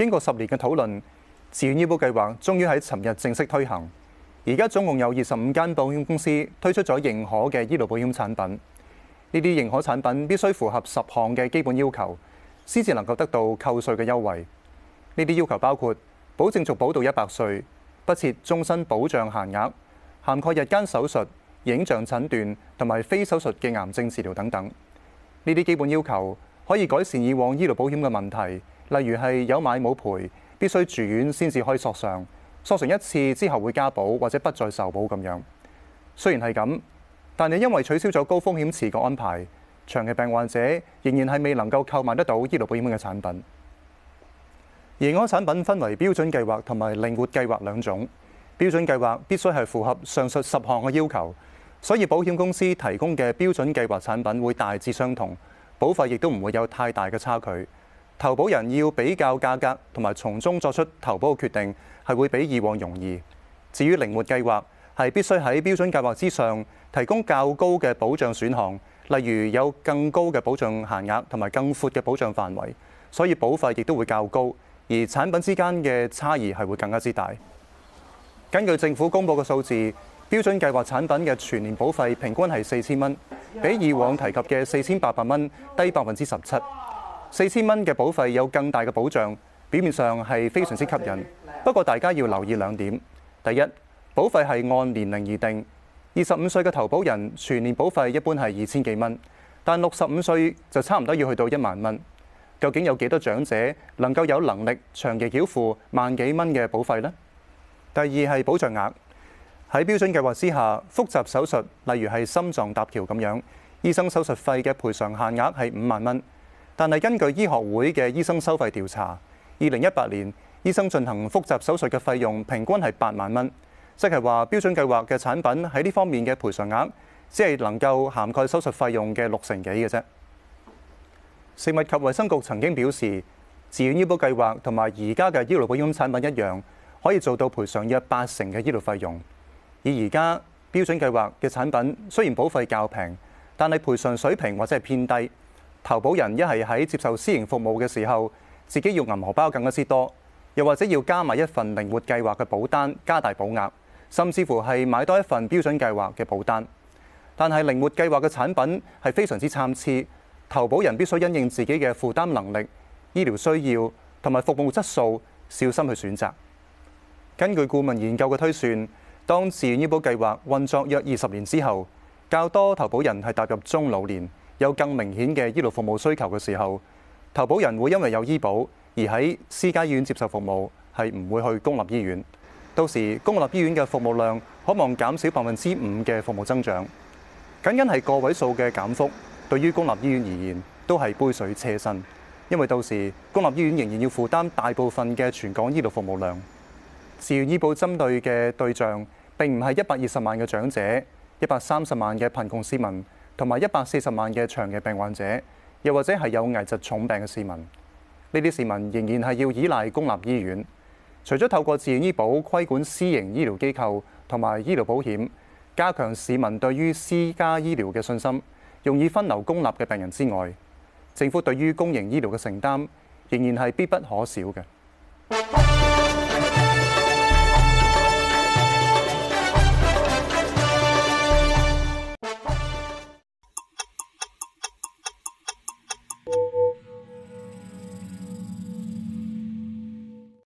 經過十年嘅討論，自願醫保計劃終於喺尋日正式推行。而家總共有二十五間保險公司推出咗認可嘅醫療保險產品。呢啲認可產品必須符合十項嘅基本要求，先至能夠得到扣稅嘅優惠。呢啲要求包括保證續保到一百歲、不設終身保障限額、涵蓋日間手術、影像診斷同埋非手術嘅癌症治療等等。呢啲基本要求可以改善以往醫療保險嘅問題。例如係有買冇賠，必須住院先至可以索償，索償一次之後會加保或者不再受保咁樣。雖然係咁，但係因為取消咗高風險持舊安排，長期病患者仍然係未能夠購買得到醫療保險嘅產品。而安產品分為標準計劃同埋靈活計劃兩種。標準計劃必須係符合上述十項嘅要求，所以保險公司提供嘅標準計劃產品會大致相同，保費亦都唔會有太大嘅差距。投保人要比較價格同埋從中作出投保嘅決定，係會比以往容易。至於靈活計劃，係必須喺標準計劃之上提供較高嘅保障選項，例如有更高嘅保障限額同埋更闊嘅保障範圍，所以保費亦都會較高，而產品之間嘅差異係會更加之大。根據政府公佈嘅數字，標準計劃產品嘅全年保費平均係四千蚊，比以往提及嘅四千八百蚊低百分之十七。四千蚊嘅保費有更大嘅保障，表面上係非常之吸引。不過，大家要留意兩點：第一，保費係按年齡而定，二十五歲嘅投保人全年保費一般係二千幾蚊，但六十五歲就差唔多要去到一萬蚊。究竟有幾多長者能夠有能力長期繳付萬幾蚊嘅保費呢？第二係保障額。喺標準計劃之下，複雜手術，例如係心臟搭橋咁樣，醫生手術費嘅賠償限額係五萬蚊。但係根據醫學會嘅醫生收費調查，二零一八年醫生進行複雜手術嘅費用平均係八萬蚊，即係話標準計劃嘅產品喺呢方面嘅賠償額，只係能夠涵蓋手術費用嘅六成幾嘅啫。食物及衞生局曾經表示，自願醫保計劃同埋而家嘅醫療保險產品一樣，可以做到賠償約八成嘅醫療費用。而而家標準計劃嘅產品雖然保費較平，但係賠償水平或者係偏低。投保人一係喺接受私營服務嘅時候，自己要銀荷包更加之多，又或者要加埋一份靈活計劃嘅保單，加大保額，甚至乎係買多一份標準計劃嘅保單。但係靈活計劃嘅產品係非常之參差，投保人必須因應自己嘅負擔能力、醫療需要同埋服務質素，小心去選擇。根據顧問研究嘅推算，當自願醫保計劃運作約二十年之後，較多投保人係踏入中老年。有更明顯嘅醫療服務需求嘅時候，投保人會因為有醫保而喺私家醫院接受服務，係唔會去公立醫院。到時公立醫院嘅服務量可望減少百分之五嘅服務增長，僅僅係個位數嘅減幅，對於公立醫院而言都係杯水車薪，因為到時公立醫院仍然要負擔大部分嘅全港醫療服務量。自願醫保針對嘅對象並唔係一百二十萬嘅長者，一百三十萬嘅貧窮市民。同埋一百四十萬嘅長期病患者，又或者係有危疾重病嘅市民，呢啲市民仍然係要依賴公立醫院。除咗透過自願醫保規管私營醫療機構同埋醫療保險，加強市民對於私家醫療嘅信心，容易分流公立嘅病人之外，政府對於公營醫療嘅承擔仍然係必不可少嘅。